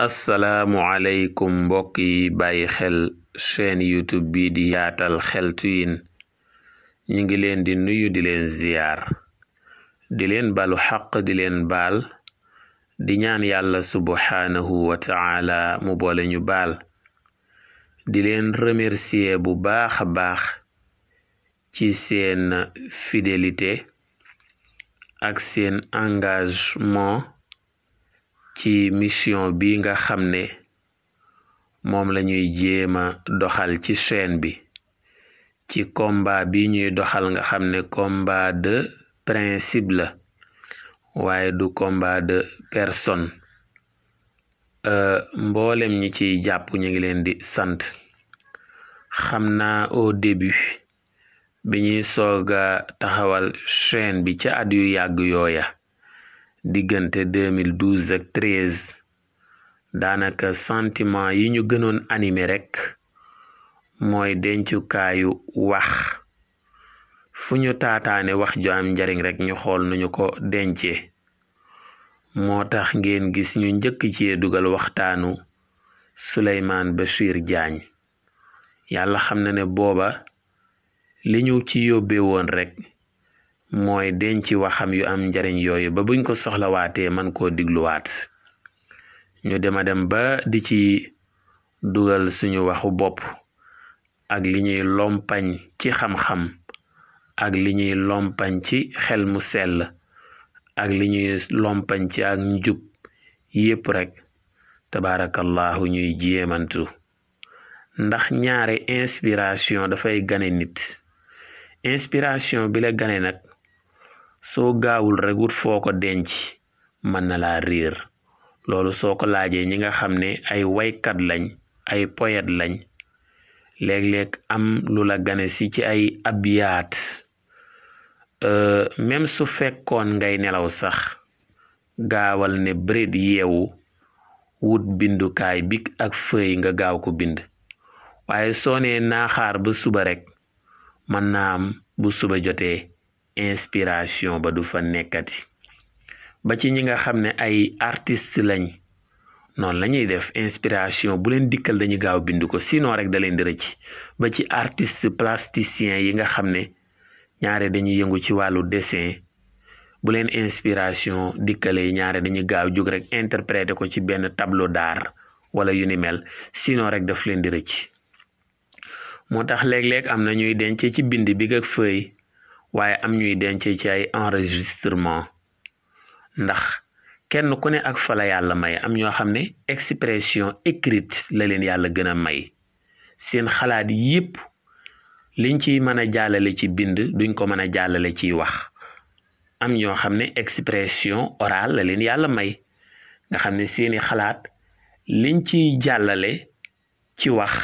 asalaamualeykum mbokk yi bàyyi xel chaîne youtube bii di yaatal xeltu yin ñu ngi leen di nuyu di leen ziyaar di leen balu xaq di leen baal di ñaan yàlla subhaanahu wa taala mu boole ñu baal di leen remercier bu baax a baax ci seen fidélité ak seen engagement ci mission bi nga xam ne moom lañuy ñuy jéema doxal ci chaîne bi ci combat bi ñuy doxal nga xam ne combat de principe la waaye du combat de personne euh, mboolem ñi ciy jàpp ñu ngi leen di sant xam naa au début bi ñuy sooga taxawal chaîne bi ci at yu yàgg yooya diggante 2012 ak 13 daanaka sentiment yi ñu gënoon animé rekk mooy dencukaayu wax fu ñu taataane wax ju am njariñ rekk ñu xool nu ñu ko dencee moo tax ngeen gis ñu njëkk ci dugal waxtaanu Souleymane Bachir Diagne yàlla xam na ne booba li ñu ci yóbbe woon rekk mooy denc waxam yu am njariñ yooyu ba buñ ko soxlawaatee man koo digluwaat ñu dema dem ba di ci dugal suñu waxu bopp ak li ñuy lompañ ci xam-xam ak li ñuy lompañ ci xel mu sell ak li ñuy lompañ ci ak njub yépp rek tabaarakallahu ñuy jéemantu ndax ñaare inspiration dafay gane nit inspiration bi la gane nag soo gaawul rek wut foo denc mën na laa réer loolu soo ko laajee ñi nga xam ne ay waykat lañ ay poète lañ léeg-léeg am lu la gane si ci ay abyaat euh, même su fekkoon ngay nelaw sax gaawal ne bëreet yeewu wut bindukaay bi ak fëy nga gaaw ko bind waaye soo nee xaar ba suba rek mën naa am bu suba jotee inspiration ba du fa nekkati ba ci ñi nga xam ne ay artiste lañ noonu la ñuy def inspiration bu leen dikkal dañu gaaw bind ko sinon rek da leen di rëcc ba ci artiste plasticien yi nga xam ne ñaare dañuy yëngu ci wàllu dessin bu leen inspiration dikkalee ñaare dañuy gaaw jóg rek interpréter ko ci benn tableau d'art wala yu ni mel sinon rek daf leen di rëcc moo tax léeg-léeg am na ñuy denc ci bind bi ak feuille waaye am ñuy denc ci ay enregistrement ndax kenn ku ne ak fa yàlla may am ñoo xam ne expression écrite la leen yàlla gën a may seen xalaat yépp liñ ciy mën a jàllale ci bind duñ ko mën a jàllale ciy wax am ñoo xam ne expression orale la leen yàlla may nga xam ne seeni xalaat liñ ciy jàllale ci wax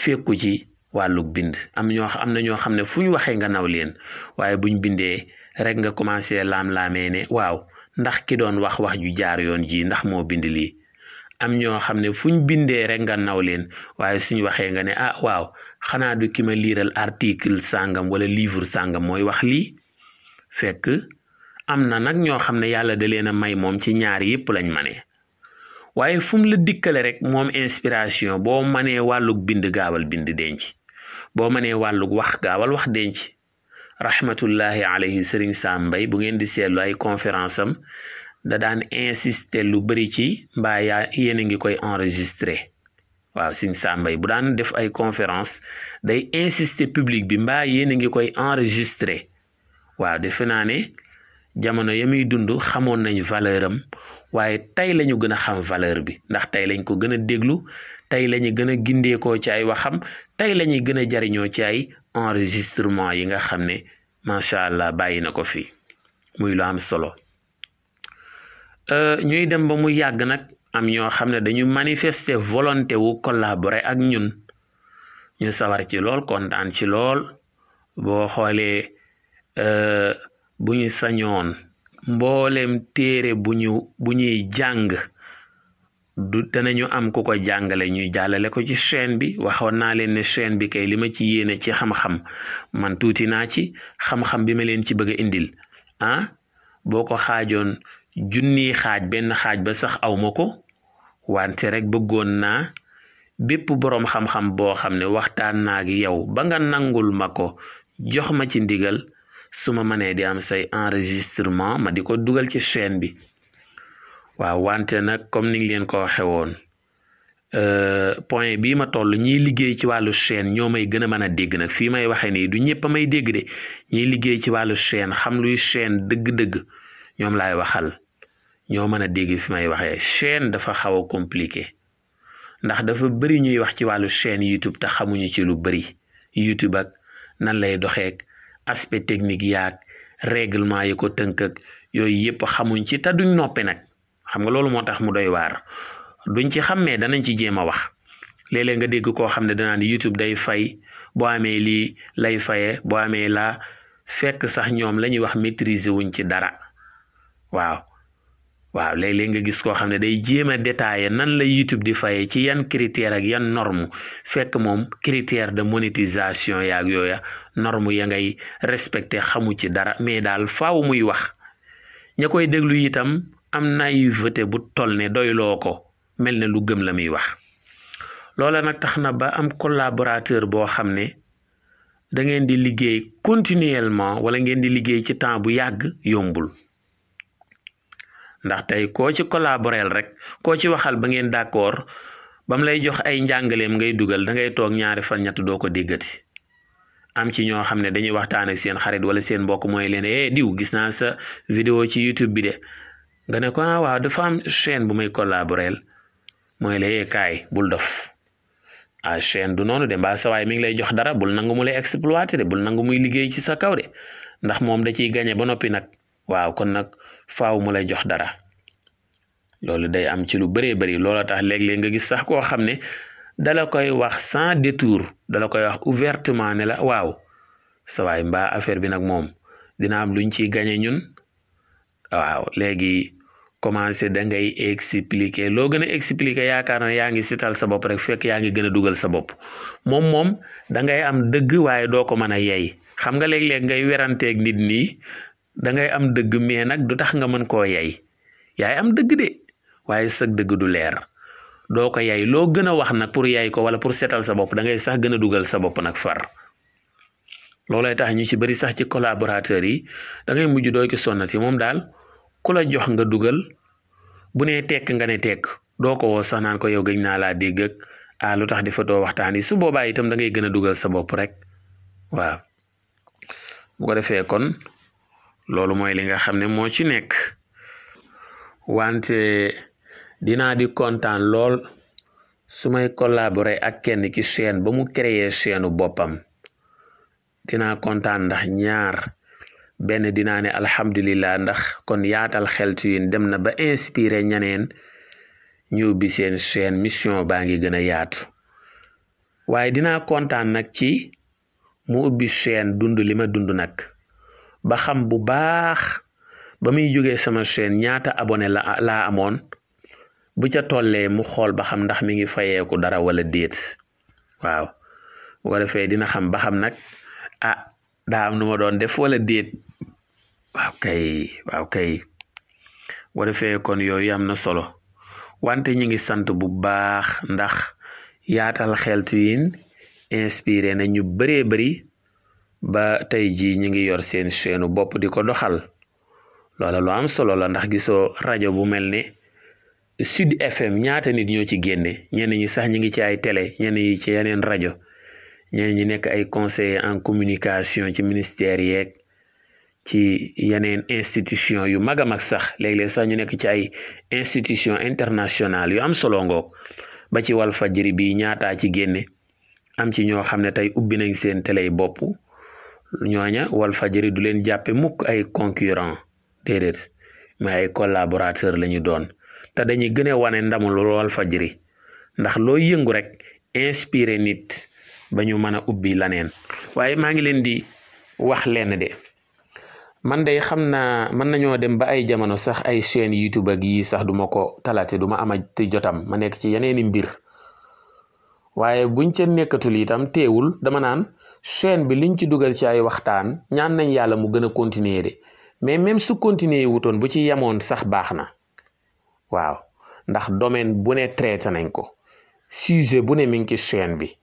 fekku ci wàllu bind am ñoo am na ñoo xam ne fu ñu waxee nga naw leen waaye buñ bindee rek nga commencé laam-laamee ne waaw ndax ki doon wax wax ju jaar yoon jii ndax moo bind lii am ñoo xam ne fuñ bindee rek nga naw leen waaye suñ waxee nga ne ah waaw xanaa du ki ma liiral article sàngam wala liivre sàngam mooy wax lii fekk am na nag ñoo xam ne yàlla da leen a may moom ci ñaar yépp lañ mane waaye fu mu la dikkale rek moom inspiration boo manee wàllug bind gaawal bind denc boo mënee wàllug wax gaawal wax denc rahmatullahi alayhi sëriñ Sam Mbaye bu ngeen di seetlu ay conférence am da daan insister lu bëri ci mbaa yaa yéen a ngi koy enregistré waaw sëriñ sambay bu daan def ay conférence day insister public bi mbaa yéen a ngi koy enregistré waaw defe naa ne jamono ya muy dund xamoon nañ valeur am waaye tey la ñu gën a xam valeur bi ndax tey lañ ko gën a déglu tey la ñu gën a gindeekoo ci ay waxam tey la ñuy gën a jariñoo ci ay enregistrement yi nga xam ne macha allah bàyyi na ko fii muy lu am solo euh, ñuy dem ba mu yàgg nag am ñoo xam ne dañu manifester volonté wu collaborer ak ñun ñu sawar ci lool kontaan ci lool boo xoolee euh, bu ñu sañoon mbooleem téere bu ñuy jàng du danañu am ku ko jàngale ñuy jàllale ko ci chaîne bi waxoon naa leen ne chaîne bi kay li ma ci yéene ci xam-xam man tuuti naa ci xam-xam bi ma leen ci bëgg indil ah boo ko xaajoon junni xaaj benn xaaj ba sax awma ko wante rek bëggoon naa bépp boroom xam-xam boo xam ne waxtaan naa ak yow ba nga nangul ma ko jox ma ci ndigal su ma mënee di am say enregistrement ma di ko dugal ci chaîne bi waaw wante nag comme ni leen ko waxee woon euh, point bii ma toll ñiy liggéey ci wàllu chaîne ñoo may gën a mën a dégg nag fii may waxee nii du ñëpp may dégg de liggéey ci wàllu chaîne xam luy chaîne dëgg-dëgg ñoom laay waxal ñoo mën a dégg fi may waxee chaîne dafa xaw a compliqué ndax dafa bëri ñuy wax ci wàllu chaîne YouTube te xamuñu ci lu bëri YouTube ak nan lay doxeek aspect technique yaag règlement yi ko tënk ak yooyu yëpp xamuñ ci ta duñ noppi nag xam nga loolu moo tax mu doy waar duñ ci xammee danañ ci jéem a wax léeg nga dégg koo xam ne danaa ni YouTube day fay boo amee lii lay faye boo amee laa fekk sax ñoom la ñuy wax maitriser wuñ ci dara waaw waaw léeg-léeg nga gis koo xam ne day jéem a détaillé nan la YouTube di fayee ci yan critère ak yan norme fekk moom critère de monétisation yaag yooya norme ya ngay respecté xamu ci dara mais daal faw muy wax ña koy déglu itam am nay naïveté bu toll ne doyloo ko mel ne lu gëm la muy wax loola nag tax na ba am collaborateur boo xam ne da ngeen di liggéey continuellement wala ngeen di liggéey ci temps bu yàgg yombul ndax tey koo ci collaboreel rek koo ci waxal ba ngeen d'accord ba mu lay jox ay njàngaleem ngay dugal dangay toog ñaari fan ñett doo ko déggati am ci ñoo xam ne dañuy waxtaan ak seen xarit wala seen mbokk mooy leen eh diw gis naa sa vidéo ci YouTube bi de nga ne ko ah waaw am chaîne bu may collaboreel mooy la eh kaay bul dof ah chaîne du noonu de mbaa sa waay mi ngi lay jox dara bul nangumu mu lay exploiter de bul nangu muy liggéey ci sa kaw de ndax moom da ciy gañe ba noppi nag faaw mu lay jox dara loolu day am ci lu bëree bëri loola tax léeg-léeg nga gis sax koo xam ne dala koy wax sans détour dala koy wax ouvertement ne la waaw sawaay mbaa affaire bi nag moom dina am luñ ciy gañe ñun waaw léegi commencé da ngay expliquer loo gën a expliquer yaakaar na yaa ngi sital sa bopp rek fekk yaa ngi gën a dugal sa bopp moom moom da ngay am dëgg waaye doo ko mën a yey xam nga léeg-léeg ngay weranteeg nit nii da ngay am dëgg mais nag du tax nga mën koo yay yaay am dëgg de waaye sag dëgg du leer doo ko yay loo gën a wax nag pour yaay ko wala pour seetal sa bopp dangay ngay sax gën a dugal sa bopp nag far loolay tax ñu ci bari sax ci collaborateurs yi dangay ngay mujj doo ci sonnati moom daal ku la jox nga dugal bu ne tekk nga ne tekk doo ko woo sax naan ko yow gën naa laa dégg ak ah lu tax di fa doo waxtaan yi su boobaa itam da ngay gën a dugal sa bopp rek waaw bu ko defee kon loolu mooy li nga xam ne moo ci nekk wante dinaa di kontaan lool su may collaborer ak kenn ki chaîne ba mu créer chaîne boppam dinaa kontaan ndax ñaar benn dinaa ne alhamdulillah ndax kon yaatal xeltu yin dem na ba inspiré ñaneen ñu bi seen chaîne mission baa ngi gën a yaatu waaye dinaa kontaan nag ci mu ubbi chaîne dund li ma dund nag ba xam bu baax ba muy jógee sama chaîne ñaata abone la laa amoon bu ca tollee mu xool ba xam ndax mi ngi fayeeku dara wala déet waaw bu ko dina xam ba nag ah daa am nu ma doon def wala déet waaw kay waaw kay bu ko kon yooyu am na solo wante ñu ngi sant bu baax ndax yaatal xeltu yin inspiré na ñu bëree bëri ba tey jii ñi ngi yor seen seenu bopp di ko doxal loola lu am solo la ndax gisoo rajo bu mel ne Sud FM ñaata nit ñoo ci génne ñenn ñi sax ñi ngi ci ay télé ñenn ñi ci yeneen rajo ñenn ñi nekk ay conseiller en communication ci ministère yeeg ci yeneen institution yu mag a mag sax léeg-léeg sax ñu nekk ci ay institution internationale yu am solo ngoog ba ci wal Walfadjri bi ñaataa ci génne am ci ñoo xam ne tey ubbi nañ seen télé bopp ñooña Walfadjri du leen jàppe mukk ay concurrent déedéet mais ay collaborateur la doon te dañuy gën a wane ndamu loolu Walfadjri ndax loo yëngu rek inspiré nit ba ñu mën a ubbi laneen waaye maa ngi leen di wax lenn de man day xam naa mën nañoo dem ba ay jamono sax ay chaîne YouTube ak yii sax duma ko talaate duma ama ti jotam ma nekk ci yeneeni mbir waaye buñ ca nekkatul itam teewul dama naan chaîne bi liñ ci dugal ci ay waxtaan ñaan nañ yàlla mu gën a continuer de mais même su continuer wutoon bu ci yemoon sax baax na waaw ndax domaine bu ne traité nañ ko sujet bu ne mi ngi ci chaîne bi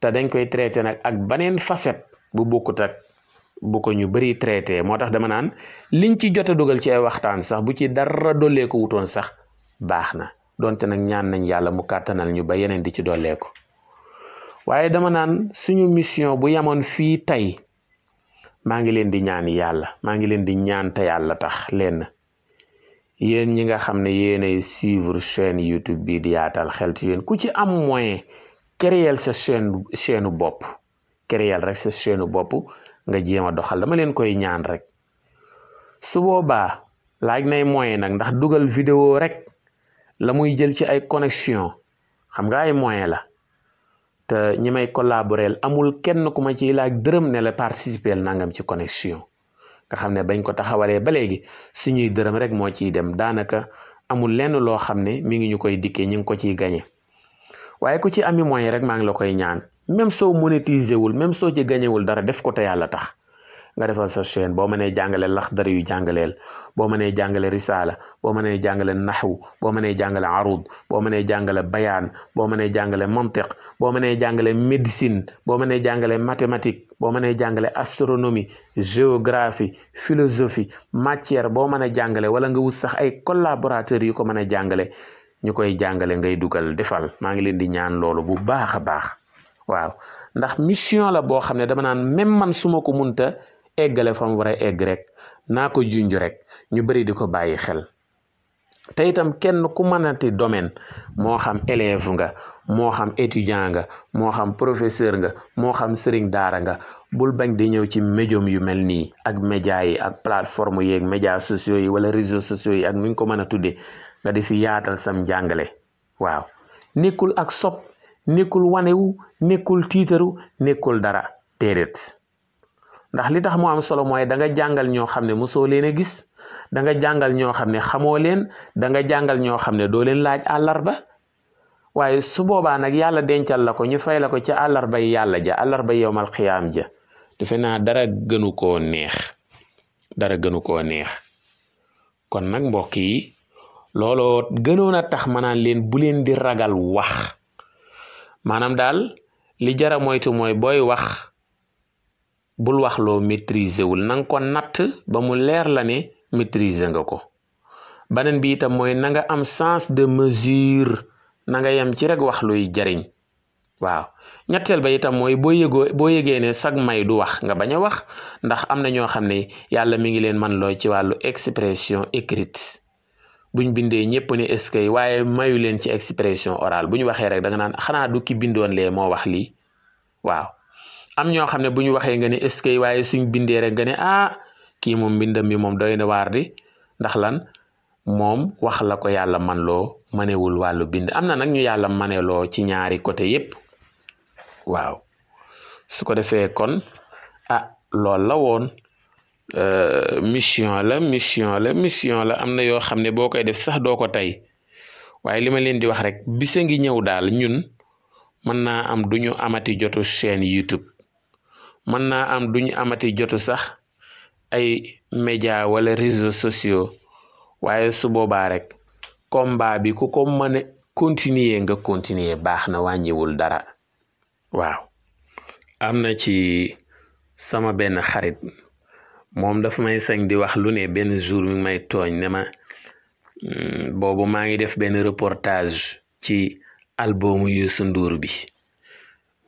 te dañ koy traité nag ak beneen facette bu bokkut ak bu ko ñu bëri traité moo tax dama naan liñ ci jot dugal ci ay waxtaan sax bu ci dara dollee ko wutoon sax baax na donte nag ñaan nañ yàlla mu kàttanal ñu ba yeneen di ci dollee waaye dama naan suñu mission bu yamoon fii tey maa ngi leen di ñaan yàlla maa ngi leen di ñaan te yàlla tax leen yéen ñi nga xam ne yéenay suivre chaîne YouTube bii di yaatal xeltu yéen ku ci am moyen créer sa chaîne bopp créer rek sa chaîne bopp nga jéem a doxal dama leen koy ñaan rek su boobaa laaj nay moyen nag ndax dugal vidéo rek la muy jël ci ay connexion xam nga ay moyen la te ñi may collaborer amul kenn ku ma ciy laaj dërëm ne la participer nangam ci connexion nga xam ne bañ ko taxawalee ba léegi suñuy dërëm rek moo ciy dem daanaka amul lenn loo xam ne mi ngi ñu koy dikkee ñu ngi ko ciy gañe waaye ku ci ami moyen rek maa ngi la koy ñaan même soo monétisé wul même soo ci gañewul dara def ko te yàlla tax nga defal sa chaîne boo mënee jàngale laxdari yu jàngaleel boo mënee jàngale risaala boo mënee jàngale naxwu boo mënee jàngale arud boo mënee jàngale bayaan boo mënee jàngale mantiq boo mënee jàngale médecine boo mënee jàngale mathématique boo mënee jàngale astronomie géographie philosophie matière boo mën a jàngale wala nga wut sax ay collaborateurs yu ko mën a jàngale ñu koy jàngale ngay dugal defal maa ngi leen di ñaan loolu bu baax a baax waaw ndax mission la boo xam ne dama naan même man su ma ko munta eggale fa mu war a egg rek naa ko junj rek ñu bëri di ko bàyyi xel te itam kenn ku mënati domaine moo xam élève nga moo xam étudiant nga moo xam professeur nga moo xam sëriñ daara nga bul bañ di ñëw ci médium yu mel nii ak média yi ak plateforme yi ak média sociaux yi wala réseaux sociaux yi ak nu ñu ko mën a tuddee nga di fi yaatal sam njàngale waaw nekkul ak sob nekkul wanewu nekkul tiitaru nekkul dara téeréet ndax li tax mu am solo mooy danga nga jàngal ñoo xam ne mosoo leen a gis da jàngal ñoo xam ne xamoo leen da nga jàngal ñoo xam ne doo leen laaj àllarba waaye su boobaa nag yàlla dencal la ko ñu fay la ko ci àllarba yi yàlla ja ba yowmal xiyaam ja defe naa dara gënu koo neex dara gënu koo neex kon nag mbokk yi looloo gënoon a tax ma leen bu leen di ragal wax maanaam daal li jara moytu mooy booy wax. bul wax loo maîtriser wul na nga ko natt ba mu leer la ne maîtriser nga ko beneen bi itam mooy na nga am sens de mesure na nga yem ci rek waxluy jariñ waaw ñetteel ba itam mooy boo yëgoo boo yëgee ne sag may du wax nga bañ a wax ndax am na ñoo xam ne yàlla mi ngi leen man loo ci wàllu expression écrite buñ bindee ñëpp ne est-ce que waaye mayu leen ci expression orale bu ñu waxee rek da nga naan xanaa du ki bindoon lee moo wax lii waaw am ñoo xam ne bu waxee nga ne est-ce que waaye suñ bindee rek nga ne ah kii moom mbindam bi moom doy na waar di ndax lan moom wax la ko yàlla man loo manewul wàllu bind am na nag ñu yàlla maneloo ci ñaari côté yépp waaw su ko defee kon ah loolu la woon euh, mission la mission la mission la am na yoo xam ne boo koy def sax doo ko tey waaye li ma leen di wax rek bisa ngi ñëw daal ñun mën naa am duñu amati jotu seen YouTube mën naa am duñu amati jotu sax ay média wala réseaux sociaux waaye su boobaa rek combat bi ku ko mën a continuer nga continuer baax na wàññiwul dara waaw am na ci sama benn xarit moom dafa may sañ di wax lu ne benn jour mi may tooñ ne ma hmm, boobu maa ngi def benn reportage ci albumu Youssou Ndour bi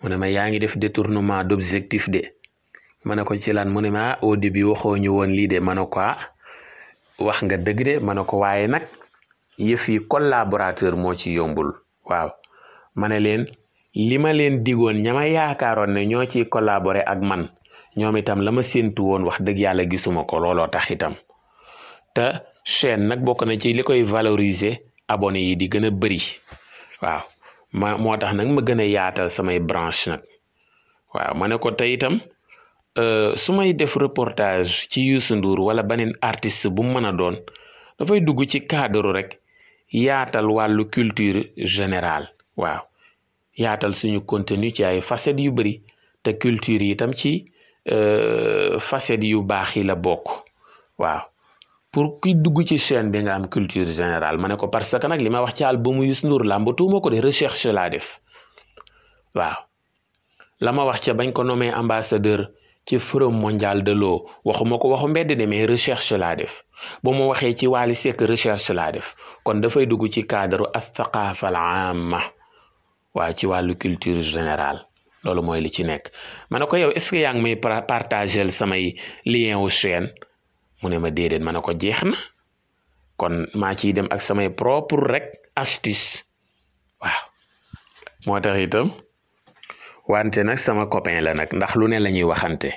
mu ne ma yaa ngi def détournement d'objectif de ma ne ko ci lan mu ne ma ah, au début waxoo ñu woon lii de ma ne ko ah, wax nga dëgg de ma ne ko waaye nag yëf yi collaborateur moo ci yombul waaw ma ne leen li ma leen digoon ña ma yaakaaroon ne ñoo ciy collaborer ak man ñoom itam la ma séentu woon wax dëgg yàlla gisuma ko looloo tax itam te chaîne nag bokk na ci li koy valoriser abonné yi di gën a bëri ma moo tax nag ma gën a yaatal samay branche nag waaw ma ne ko tey itam euh, su may def reportage ci Youssou Ndour wala beneen artiste bu mu mën a doon dafay dugg ci cadre rek yaatal wàllu culture générale waaw yaatal suñu contenu ci ay facettes yu bëri te culture yi itam ci euh, facettes yu baax yi la bokk waaw pour kuy dugg ci chaîne bi nga am culture générale ma ne ko parce que nag li ma wax ci albumu Youssou Ndour làmbatuuma ko de recherche laa def waaw la ma wax ca bañ ko nommé ambassadeur ci forum mondial de l'eau waxuma ko waxu mbedd de mais recherche laa def ba mu waxee ci Wally Seck recherche laa def kon dafay dugg ci cadre athaqafa al amma waaw ci wàllu culture générale loolu mooy li ci nekk ma ne ko yow est-ce que yaa may partagel samay lien wu mu ne ma déedéet ma ne ko jeex na kon maa ciy dem ak samay propre rek astuce waaw moo tax itam wante nag sama copain la nag ndax lu ne la ñuy waxante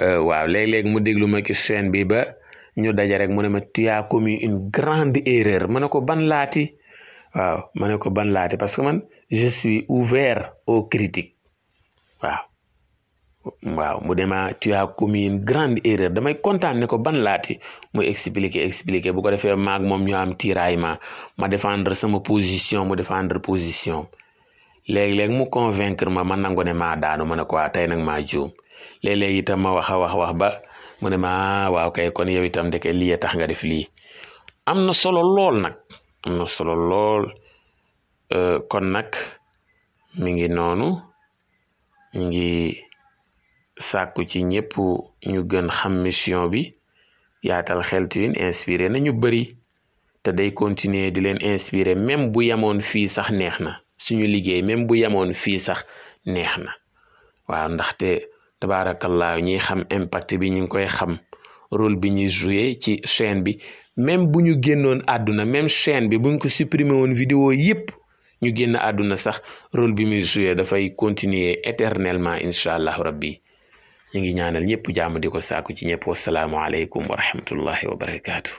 euh, waaw léeg mu déglu ma ci chaîne bi ba ñu daja rek mu ne ma tu as commis une grande erreur ma ne ko ban laati waaw ne ko ban laati parce que man je suis ouvert o critiques waaw waaw mu dema tu as commis une grande erreur damay kontaan ne ko ban laati mu expliquer expliquer bu ko defee maag moom ñu am tiraillement ma défendre sama position mu défendre position léeg-léeg mu convaincre ma man nangu ne ma daanu ma ne ko ah, tey nag maa juum léeg-léeg ma wax a wax wax ba mu ne ma ah, waaw kay kon yow itam ndeke lii tax nga def lii am na solo lool nag am na solo lool euh, kon nag mi ngi noonu mi ngi sàkku ci ñëpp ñu gën xam mission bi yaatal xeltuwin inspirer na ñu bëri te day continuer di leen inspirer même bu yamoon fii sax neex na suñu liggéey même bu yamoon fii sax neex na waaw ndaxte tabaarakallaahu ñiy xam impact bi ñu ngi koy xam rôle bi ñuy joué ci chaîne bi même bu ñu génnoon àdduna même chaine bi buñ ko supprimer woon vidéo yëpp ñu génn àdduna sax rôle bi muy joué dafay continuer éternellement incha allah rabbi ñu ngi ñaanal ñëpp jàmm di ko sàkku ci ñëpp wasalaamu aleykum wa rahmatullahi wa barakaatu.